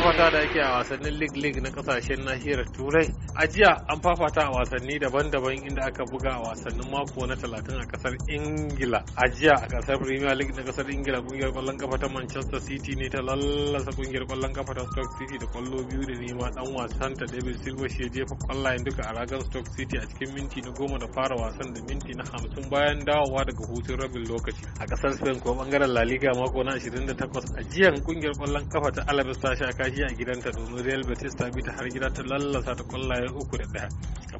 fafata da ake a wasannin league league na kasashen nahiyar turai a jiya an fafata a wasanni daban-daban inda aka buga a wasannin mako na talatin a kasar ingila a jiya a kasar premier league na kasar ingila kungiyar kwallon kafa ta manchester city ne ta lallasa kungiyar kwallon kafa ta stoke city da kwallo biyu da nema dan wasan ta david silva shi ya jefa kwallayen duka a ragar stoke city a cikin minti na goma da fara wasan da minti na hamsin bayan dawowa daga hutun rabin lokaci a kasar spain ko bangaren la liga mako na 28 a jiyan kungiyar kwallon kafa ta alabes ta sha lafiya a gidanta domin real betis ta bi ta har gida ta lallasa ta kwallaye uku da daya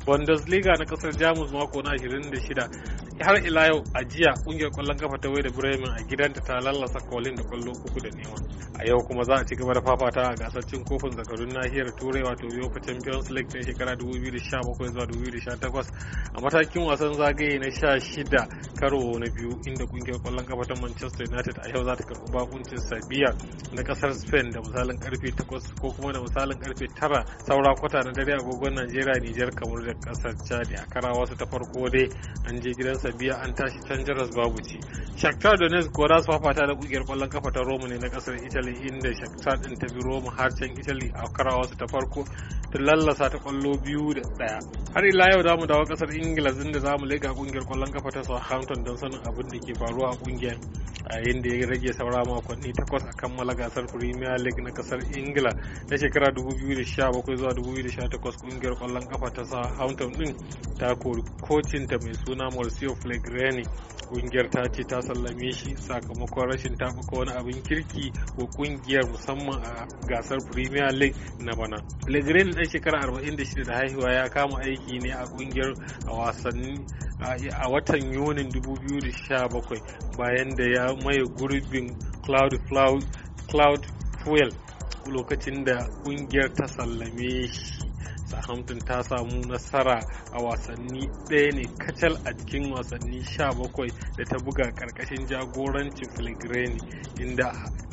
bundesliga na kasar jamus mako na 26 har ila yau a jiya kungiyar kwallon kafa ta da bremen a gidanta ta lallasa kolin da kwallo uku da nema a yau kuma za a ci gaba da fafata a gasar cin kofin zakarun nahiyar turai wato yofa champions league ta shekara 2017 zuwa 2018 a matakin wasan zagaye na 16 karo na biyu inda kungiyar kwallon kafa ta manchester united a yau za ta karɓi bakuncin sabiya na kasar spain da misalin karfe 8 ko kuma da misalin karfe 9 saura kwata na dare agogon najeriya nijar kamar da kasar chad a karawa su ta farko dai an je gidansa biya an tashi can jaras babu ci shakhtar donetsk kuwa za su fafata da kungiyar kwallon kafa ta roma ne na kasar italy inda shakhtar din ta bi roma har can italy a karawa su ta farko ta lallasa ta kwallo biyu da ɗaya har ila yau za mu dawo kasar ingila da za mu lega kungiyar kwallon kafa ta southampton don sanin abin da ke faruwa a kungiyar a yayin da ya rage saura makonni takwas a kammala gasar premier league na kasar ingila na shekara 2017 zuwa 2018 kungiyar kwallon kafa ta southampton din ta kori ta mai suna mauricio pellegrini kungiyar ta ce ta sallame shi sakamakon rashin taɓuka wani abin kirki ko kungiyar musamman a gasar premier league na bana pellegrini dan shekara 46 da haihuwa ya kama aiki ne a kungiyar wasanni a watan yunin 2017 bayan da ya maye gurbin cloud fuel lokacin da kungiyar ta sallame shi Southampton ta samu nasara a wasanni ɗaya ne kacal a cikin wasanni 17 da ta buga karkashin jagorancin Pellegrini inda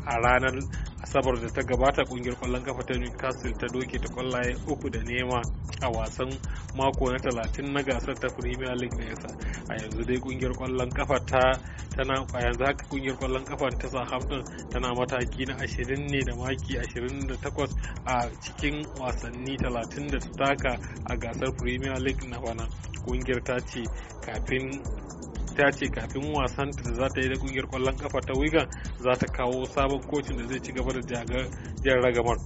a ranar asabar da ta gabata ƙungiyar kwallon kafa ta newcastle ta doke ta kwallaye uku da nema a wasan mako na talatin na gasar ta premier league nesa a yanzu dai ƙungiyar kwallon kafa ta tana a yanzu haka kungiyar kwallon kafa ta Southampton tana mataki na 20 ne da maki 28 a cikin wasanni 30 da su taka a gasar Premier League na bana. Kungiyar ta ce kafin ta ce kafin wasan da za ta yi da kungiyar kwallon kafa ta Wigan za ta kawo sabon kocin da zai ci gaba da jan ragamar.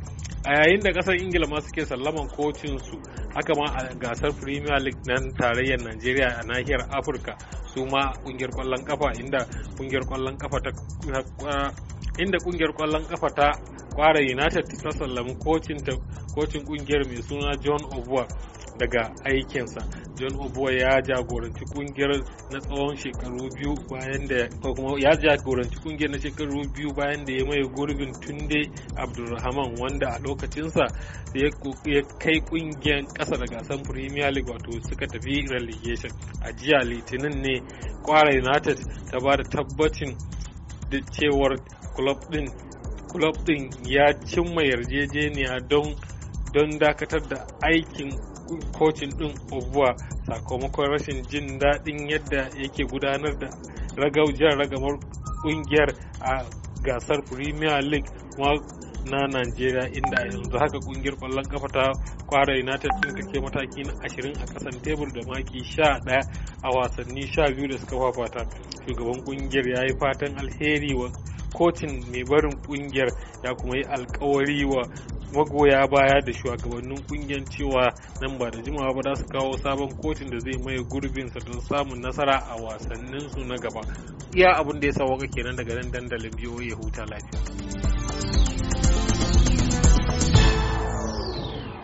a yayin da kasar ingila ma suke sallaman kocin su haka ma a gasar premier league nan tarayyar nigeria a nahiyar afirka su ma kungiyar kwallon kafa inda kungiyar kwallon kafa ta inda kungiyar kwallon kafa ta kwara united ta sallami kocin kungiyar mai suna john obua daga aikinsa john oboy ya jagoranci kungiyar na tsawon shekaru biyu bayan da ko kuma ya jagoranci kungiyar na shekaru biyu bayan da ya mai gurbin tunde abdulrahman wanda a lokacinsa ya kai kungiyar kasa da gasar premier league wato suka tafi relegation a jiya litinin ne kwara united ta ba da tabbacin da cewar club din ya cimma yarjejeniya don don dakatar da aikin kocin din obuwa sakamakon rashin jin daɗin yadda yake gudanar da ragaujar ragamar kungiyar a gasar premier league na Najeriya inda yanzu haka kungiyar kwallon kafa ta kwara United din take mataki na 20 a kasan tebur da maki 11 a wasanni 12 da suka fafata. Shugaban kungiyar ya yi fatan alheri wa kocin mai barin kungiyar ya kuma yi alkawari wa magoya baya da shugabannin kungiyar cewa nan ba da jimawa ba za su kawo sabon kotun da zai maye gurbin sa don samun nasara a wasanninsu na gaba iya abin da ya sa waka kenan daga nan dandalin biyo ya huta lafiya